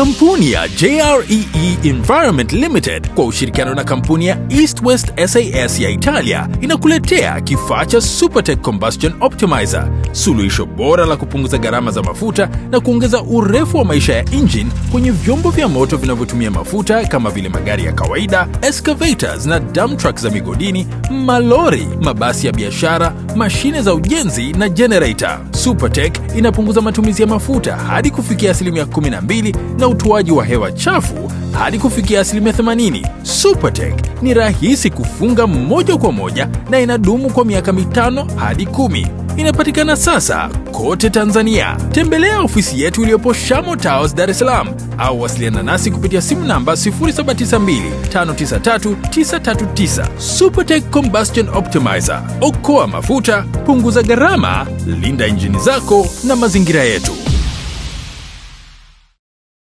Kampuni ya JREE e Environment Limited kwa ushirikiano na kampuni ya East West SAS ya Italia inakuletea kifaa cha Supertech Combustion Optimizer, suluhisho bora la kupunguza gharama za mafuta na kuongeza urefu wa maisha ya engine kwenye vyombo vya moto vinavyotumia mafuta kama vile magari ya kawaida, excavators na dump trucks za migodini, malori, mabasi ya biashara, mashine za ujenzi na generator. Supertech inapunguza matumizi ya mafuta hadi kufikia asilimia 12 na utoaji wa hewa chafu hadi kufikia asilimia 80. Supertech ni rahisi kufunga moja kwa moja na inadumu kwa miaka mitano hadi kumi inapatikana sasa kote Tanzania. Tembelea ofisi yetu iliyopo Shamo Towers, Dar es Salaam, au wasiliana nasi kupitia simu namba 0792593939. Supertech Combustion Optimizer, okoa mafuta, punguza gharama, linda injini zako na mazingira yetu.